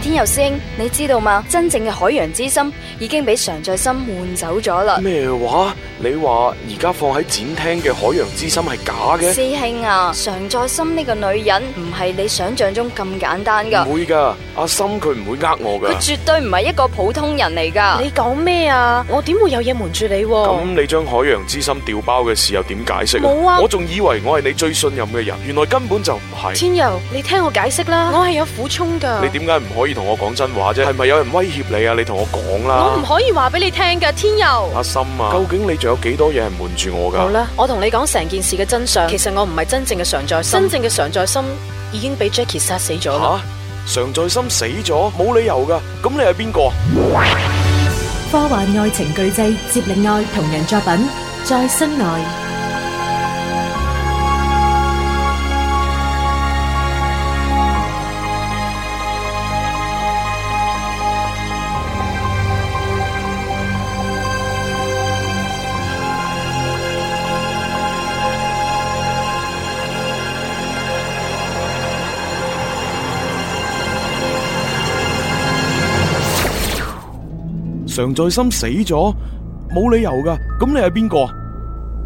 天佑師兄，你知道嗎？真正嘅海洋之心已經俾常在心換走咗啦！咩話？你話而家放喺展廳嘅海洋之心係假嘅？師兄啊，常在心呢個女人唔係你想象中咁簡單噶。唔會噶，阿心佢唔會呃我噶。佢絕對唔係一個普通人嚟噶。你講咩啊？我點會有嘢瞞住你啊？咁你將海洋之心掉包嘅事又點解釋？冇啊！我仲以為我係你最信任嘅人，原來根本就唔係。天佑，你聽我解釋啦，我係有苦衷噶。你點解唔可以？同我講真話啫，係咪有人威脅你啊？你同我講啦，我唔可以話俾你聽噶，天佑。阿心啊，究竟你仲有幾多嘢係瞞住我噶？好啦，我同你講成件事嘅真相。其實我唔係真正嘅常在心，真正嘅常在心已經俾 Jackie 殺死咗。吓，常在心死咗，冇理由噶。咁你係邊個？科幻愛情巨製，接力愛同人作品，再生愛。常在心死咗，冇理由噶。咁你係邊個？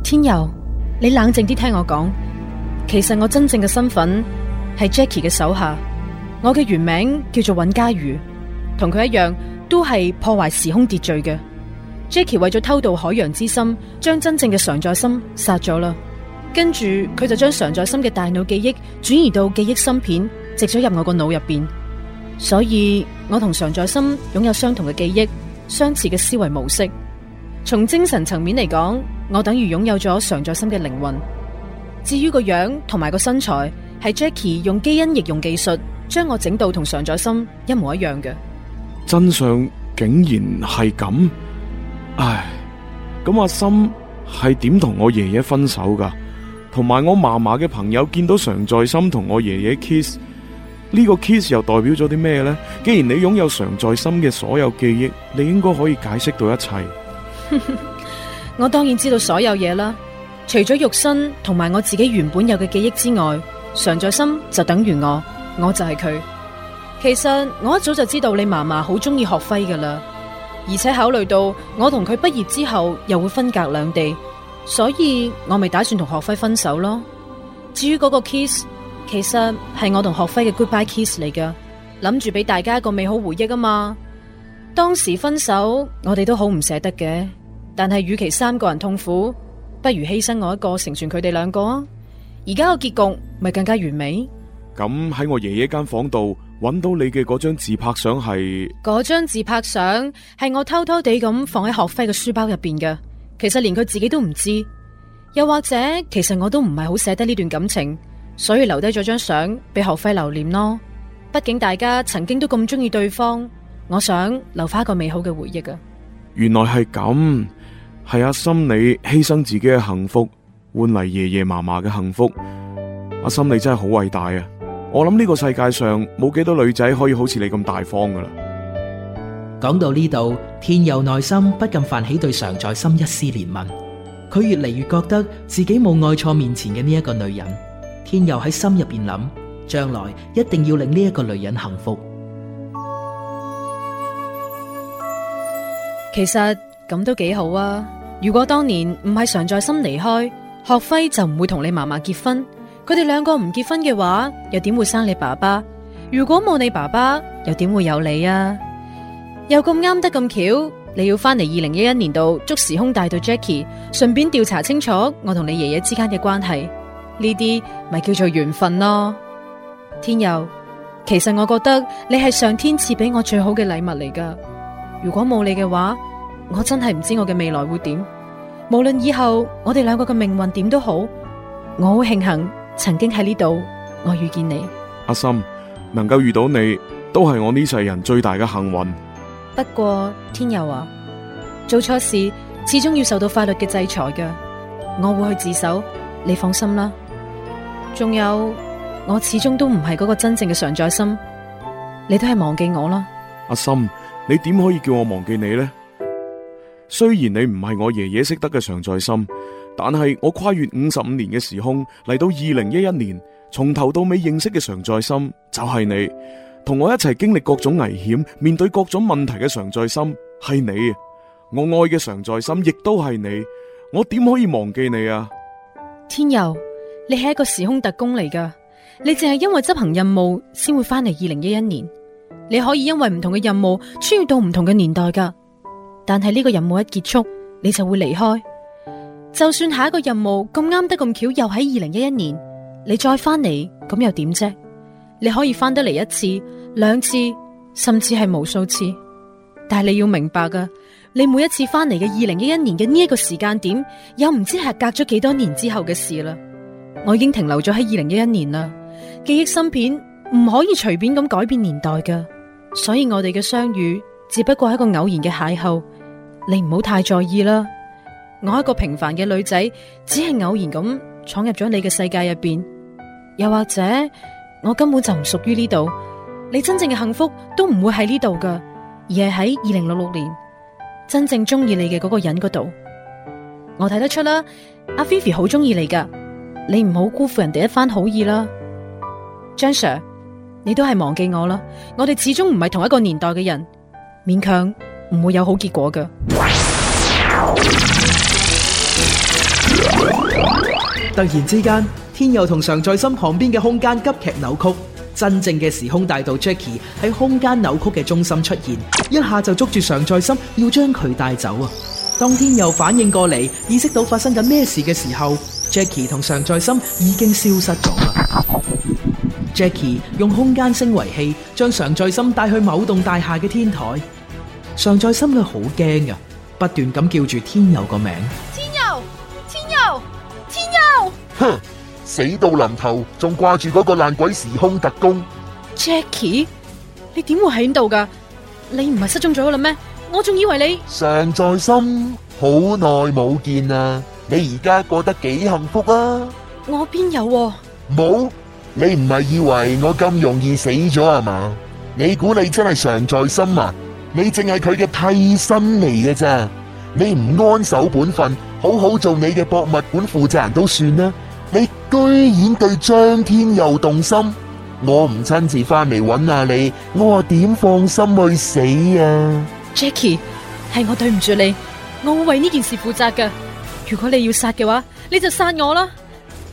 天佑，你冷靜啲聽我講。其實我真正嘅身份係 Jackie 嘅手下，我嘅原名叫做尹家瑜，同佢一樣都係破壞時空秩序嘅。Jackie 為咗偷盜海洋之心，將真正嘅常在心殺咗啦。跟住佢就將常在心嘅大腦記憶轉移到記憶芯片，植咗入我個腦入邊，所以我同常在心擁有相同嘅記憶。相似嘅思維模式，從精神層面嚟講，我等於擁有咗常在心嘅靈魂。至於個樣同埋個身材，係 Jackie 用基因應用技術將我整到同常在心一模一樣嘅。真相竟然係咁，唉，咁阿心係點同我爺爺分手噶？同埋我嫲嫲嘅朋友見到常在心同我爺爺 kiss。呢個 kiss 又代表咗啲咩呢？既然你擁有常在心嘅所有記憶，你應該可以解釋到一切。 我當然知道所有嘢啦，除咗肉身同埋我自己原本有嘅記憶之外，常在心就等於我，我就係佢。其實我一早就知道你嫲嫲好中意學輝噶啦，而且考慮到我同佢畢業之後又會分隔兩地，所以我咪打算同學輝分手咯。至於嗰個 kiss。其實係我同學輝嘅 goodbye kiss 嚟㗎，諗住俾大家一個美好回憶啊嘛。當時分手，我哋都好唔捨得嘅。但係與其三個人痛苦，不如犧牲我一個，成全佢哋兩個啊。而家個結局咪更加完美。咁喺我爺爺間房度揾到你嘅嗰張自拍相係？嗰張自拍相係我偷偷地咁放喺學輝嘅書包入邊嘅。其實連佢自己都唔知。又或者，其實我都唔係好捨得呢段感情。所以留低咗張相俾何輝留念咯，畢竟大家曾經都咁中意對方，我想留翻一個美好嘅回憶啊！原來係咁，係阿心你犧牲自己嘅幸福，換嚟爺爺嫲嫲嘅幸福，阿心你真係好偉大啊！我諗呢個世界上冇幾多女仔可以好似你咁大方噶啦。講到呢度，天佑內心不禁泛起對常在心一絲憐憫，佢越嚟越覺得自己冇愛錯面前嘅呢一個女人。天佑喺心入邊諗，將來一定要令呢一個女人幸福。其實咁都幾好啊！如果當年唔係常在心離開，學輝就唔會同你嫲嫲結婚。佢哋兩個唔結婚嘅話，又點會生你爸爸？如果冇你爸爸，又點會有你啊？又咁啱得咁巧，你要翻嚟二零一一年度捉時空大盜 Jackie，順便調查清楚我同你爺爺之間嘅關係。呢啲咪叫做緣分咯，天佑，其實我覺得你係上天賜俾我最好嘅禮物嚟㗎。如果冇你嘅話，我真係唔知我嘅未來會點。無論以後我哋兩個嘅命運點都好，我好慶幸曾經喺呢度我遇見你。阿心，能夠遇到你都係我呢世人最大嘅幸運。不過天佑啊，做錯事始終要受到法律嘅制裁㗎，我會去自首，你放心啦。仲有，我始終都唔係嗰個真正嘅常在心，你都係忘記我啦。阿心，你點可以叫我忘記你呢？雖然你唔係我爺爺識得嘅常在心，但係我跨越五十五年嘅時空嚟到二零一一年，從頭到尾認識嘅常在心就係你，同我一齊經歷各種危險、面對各種問題嘅常在心係你啊！我愛嘅常在心亦都係你，我點可以忘記你啊？天佑。你係一個時空特工嚟噶，你淨係因為執行任務先會翻嚟二零一一年。你可以因為唔同嘅任務穿越到唔同嘅年代噶，但係呢個任務一結束，你就會離開。就算下一個任務咁啱得咁巧，又喺二零一一年，你再翻嚟，咁又點啫？你可以翻得嚟一次、兩次，甚至係無數次。但係你要明白噶，你每一次翻嚟嘅二零一一年嘅呢一個時間點，又唔知係隔咗幾多年之後嘅事啦。我已經停留咗喺二零一一年啦。記憶芯片唔可以隨便咁改變年代噶，所以我哋嘅相遇只不過係一個偶然嘅邂逅，你唔好太在意啦。我一個平凡嘅女仔，只係偶然咁闖入咗你嘅世界入邊，又或者我根本就唔屬於呢度，你真正嘅幸福都唔會喺呢度噶，而係喺二零六六年真正中意你嘅嗰個人嗰度。我睇得出啦，阿 Fifi 好中意你噶。你唔好辜負人哋一番好意啦，張 Sir，你都係忘記我啦。我哋始終唔係同一個年代嘅人，勉強唔會有好結果嘅。突然之間，天佑同常在心旁邊嘅空間急劇扭曲，真正嘅時空大道 Jackie 喺空間扭曲嘅中心出現，一下就捉住常在心，要將佢帶走啊！當天佑反應過嚟，意識到發生緊咩事嘅時候。Jackie 同常在心已經消失咗啦。Jackie 用空間升為器將常在心帶去某棟大廈嘅天台。常在心佢好驚㗎，不斷咁叫住天佑個名。天佑，天佑，天佑！哼，死到臨頭仲掛住嗰個爛鬼時空特工。Jackie，你點會喺度噶？你唔係失蹤咗啦咩？我仲以為你……常在心好耐冇見啦。你而家過得幾幸福啊？我邊有喎？冇？你唔係以為我咁容易死咗啊嘛？你估你真係常在心啊？你淨係佢嘅替身嚟嘅啫。你唔安守本分，好好做你嘅博物館負責人都算啦。你居然對張天佑動心，我唔親自翻嚟揾下你，我話點放心去死啊？Jackie，係我對唔住你，我會為呢件事負責噶。如果你要殺嘅話，你就殺我啦。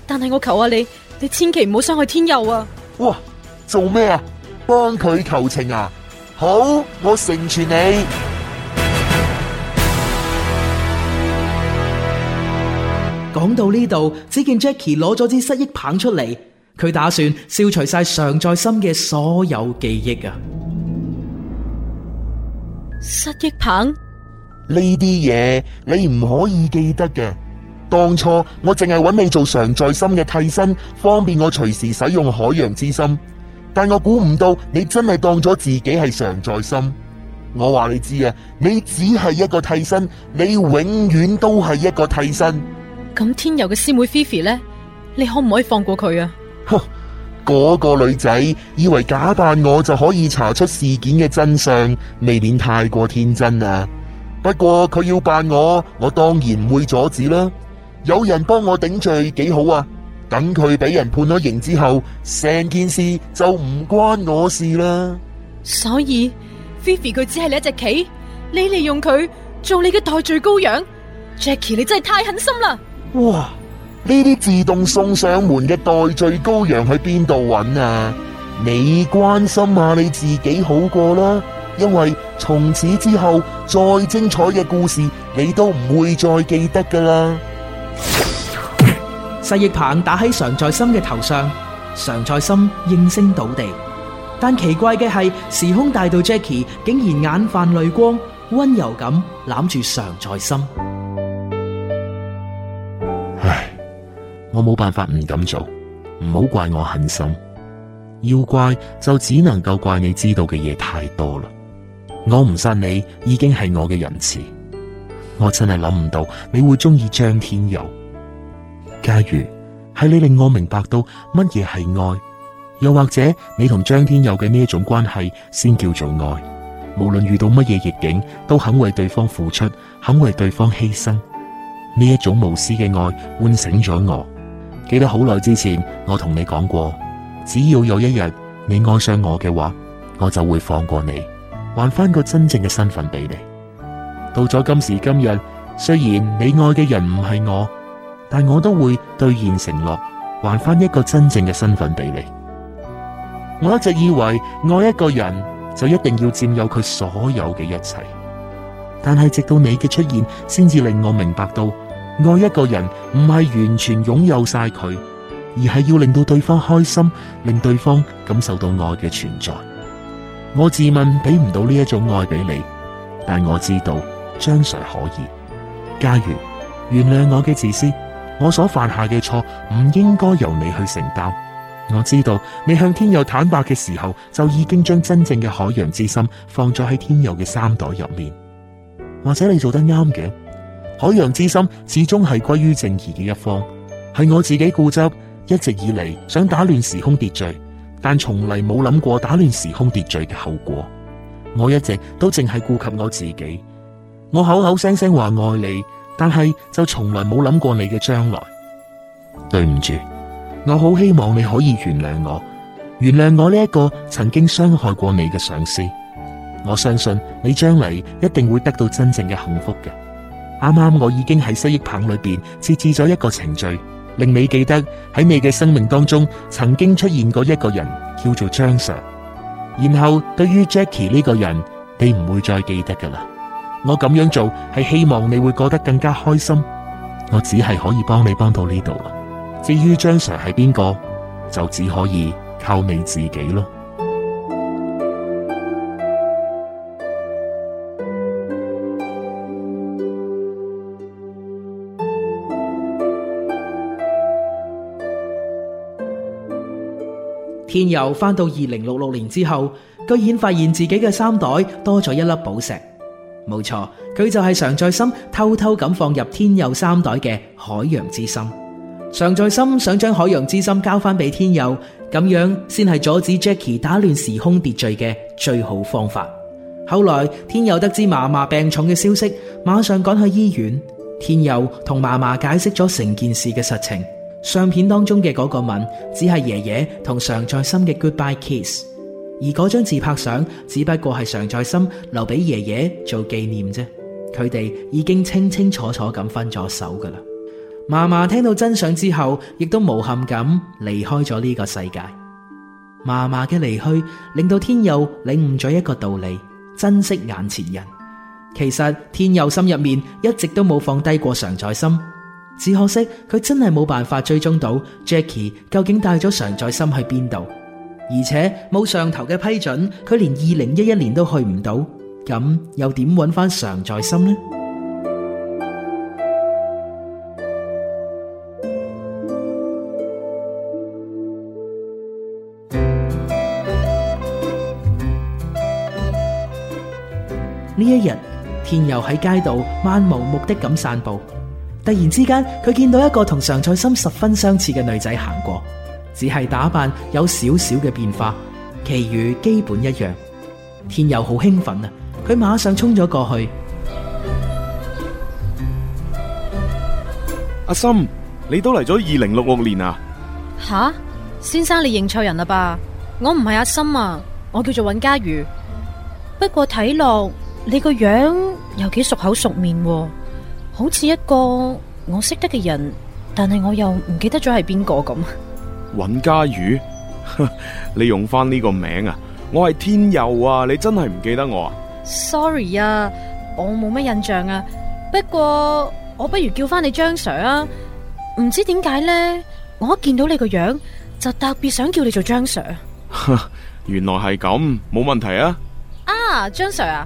但係我求下你，你千祈唔好傷害天佑啊！哇，做咩啊？幫佢求情啊！好，我成全你。講到呢度，只見 Jackie 攞咗支失憶棒出嚟，佢打算消除晒常在心嘅所有記憶啊！失憶棒。呢啲嘢你唔可以記得嘅。當初我淨係揾你做常在心嘅替身，方便我隨時使用海洋之心。但我估唔到你真係當咗自己係常在心。我話你知啊，你只係一個替身，你永遠都係一個替身。咁天佑嘅師妹菲菲呢？你可唔可以放過佢啊？哼，嗰個女仔以為假扮我就可以查出事件嘅真相，未免太過天真啊。不過佢要扮我，我當然唔會阻止啦。有人幫我頂罪幾好啊！等佢俾人判咗刑之後，成件事就唔關我事啦。所以菲菲佢只係你一隻棋，你利用佢做你嘅代罪羔羊，Jackie 你真係太狠心啦！哇！呢啲自動送上門嘅代罪羔羊去邊度揾啊？你關心下你自己好過啦。因為從此之後，再精彩嘅故事你都唔會再記得噶啦。細翼棒打喺常在心嘅頭上，常在心應聲倒地。但奇怪嘅係，時空大道 Jackie 竟然眼泛淚光，溫柔咁攬住常在心。唉， 我冇辦法唔咁做，唔好怪我狠心，要怪就只能夠怪你知道嘅嘢太多啦。我唔殺你已經係我嘅仁慈，我真係諗唔到你會中意張天佑。假如係你令我明白到乜嘢係愛，又或者你同張天佑嘅呢一種關係先叫做愛。無論遇到乜嘢逆境，都肯為對方付出，肯為對方犧牲，呢一種無私嘅愛喚醒咗我。記得好耐之前，我同你講過，只要有一日你愛上我嘅話，我就會放過你。還翻個真正嘅身份俾你。到咗今時今日，雖然你愛嘅人唔係我，但我都會兌現承諾，還翻一個真正嘅身份俾你。我一直以為愛一個人就一定要佔有佢所有嘅一切，但係直到你嘅出現，先至令我明白到愛一個人唔係完全擁有晒佢，而係要令到對方開心，令對方感受到愛嘅存在。我自問俾唔到呢一種愛俾你，但我知道張 s 可以。假如原諒我嘅自私，我所犯下嘅錯唔應該由你去承擔。我知道你向天佑坦白嘅時候，就已經將真正嘅海洋之心放咗喺天佑嘅三袋入面。或者你做得啱嘅，海洋之心始終係歸於正義嘅一方。係我自己固執，一直以嚟想打亂時空秩序。但從來冇諗過打亂時空秩序嘅後果，我一直都淨係顧及我自己。我口口聲聲話愛你，但係就從來冇諗過你嘅將來。對唔住，我好希望你可以原諒我，原諒我呢一個曾經傷害過你嘅上司。我相信你將來一定會得到真正嘅幸福嘅。啱啱我已經喺失憶棒裏邊設置咗一個程序。令你記得喺你嘅生命當中曾經出現過一個人叫做張 Sir，然後對於 Jacky 呢個人你唔會再記得㗎喇。我咁樣做係希望你會過得更加開心，我只係可以幫你幫到呢度啦。至於張 Sir 係邊個，就只可以靠你自己咯。天佑翻到二零六六年之後，居然發現自己嘅三袋多咗一粒寶石。冇錯，佢就係常在心偷偷咁放入天佑三袋嘅海洋之心。常在心想將海洋之心交翻俾天佑，咁樣先係阻止 Jackie 打亂時空秩序嘅最好方法。後來天佑得知嫲嫲病重嘅消息，馬上趕去醫院。天佑同嫲嫲解釋咗成件事嘅實情。相片當中嘅嗰個吻，只係爺爺同常在心嘅 goodbye kiss，而嗰張自拍相只不過係常在心留俾爺爺做紀念啫。佢哋已經清清楚楚咁分咗手噶啦。嫲嫲聽到真相之後，亦都無憾咁離開咗呢個世界。嫲嫲嘅離去，令到天佑領悟咗一個道理：珍惜眼前人。其實天佑心入面一直都冇放低過常在心。只可惜佢真係冇辦法追蹤到 Jackie 究竟帶咗常在心去邊度，而且冇上頭嘅批准，佢連二零一一年都去唔到，咁又點搵翻常在心呢？呢 一日，天佑喺街度漫無目的咁散步。突然之間，佢見到一個同常菜心十分相似嘅女仔行過，只係打扮有少少嘅變化，其餘基本一樣。天佑好興奮啊！佢馬上衝咗過去。阿心，你都嚟咗二零六六年啊？吓，先生，你認錯人啦吧？我唔係阿心啊，我叫做尹嘉如。不過睇落你個樣又幾熟口熟面啊。好似一個我識得嘅人，但係我又唔記得咗係邊個咁。尹家宇， 你用翻呢個名啊！我係天佑啊！你真係唔記得我啊？Sorry 啊，我冇咩印象啊。不過我不如叫翻你張 Sir 啊。唔知點解咧，我一見到你個樣就特別想叫你做張 Sir。 原來係咁，冇問題啊。啊，張 Sir 啊，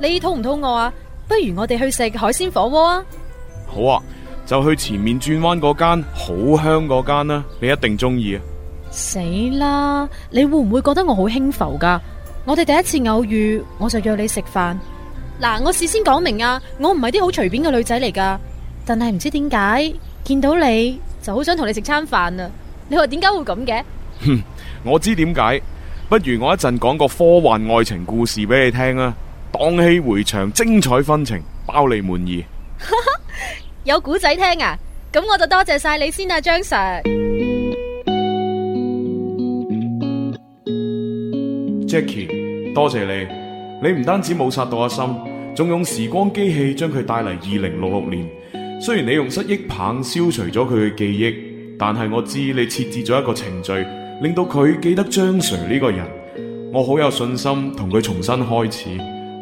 你肚唔肚餓啊？不如我哋去食海鮮火鍋啊！好啊，就去前面轉彎嗰間好香嗰間啦，你一定中意啊！死啦！你會唔會覺得我好輕浮噶？我哋第一次偶遇，我就約你食飯。嗱，我事先講明啊，我唔係啲好隨便嘅女仔嚟噶，但係唔知點解見到你就好想同你食餐飯啊！你話點解會咁嘅？哼， 我知點解。不如我一陣講個科幻愛情故事俾你聽啊！蕩氣回腸，精彩紛呈，包你滿意。 有古仔聽啊！咁我就多謝晒你先啊，張 Sir。Jackie，多謝你。你唔單止冇殺到阿心，仲用時光機器將佢帶嚟二零六六年。雖然你用失憶棒消除咗佢嘅記憶，但係我知你設置咗一個程序，令到佢記得張 Sir 呢個人。我好有信心同佢重新開始。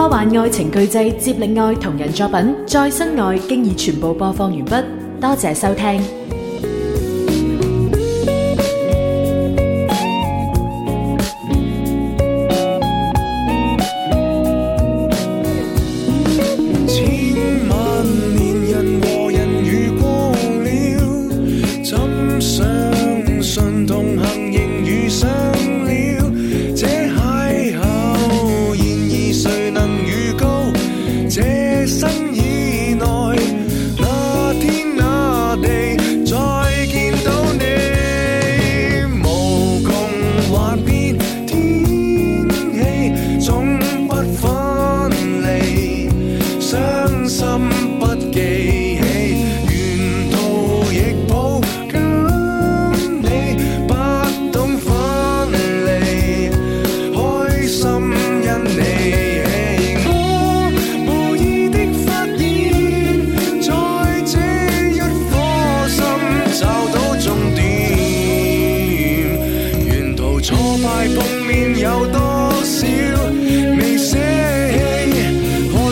科幻愛情巨製《接力愛》同人作品《再生愛》經已全部播放完畢，多謝收聽。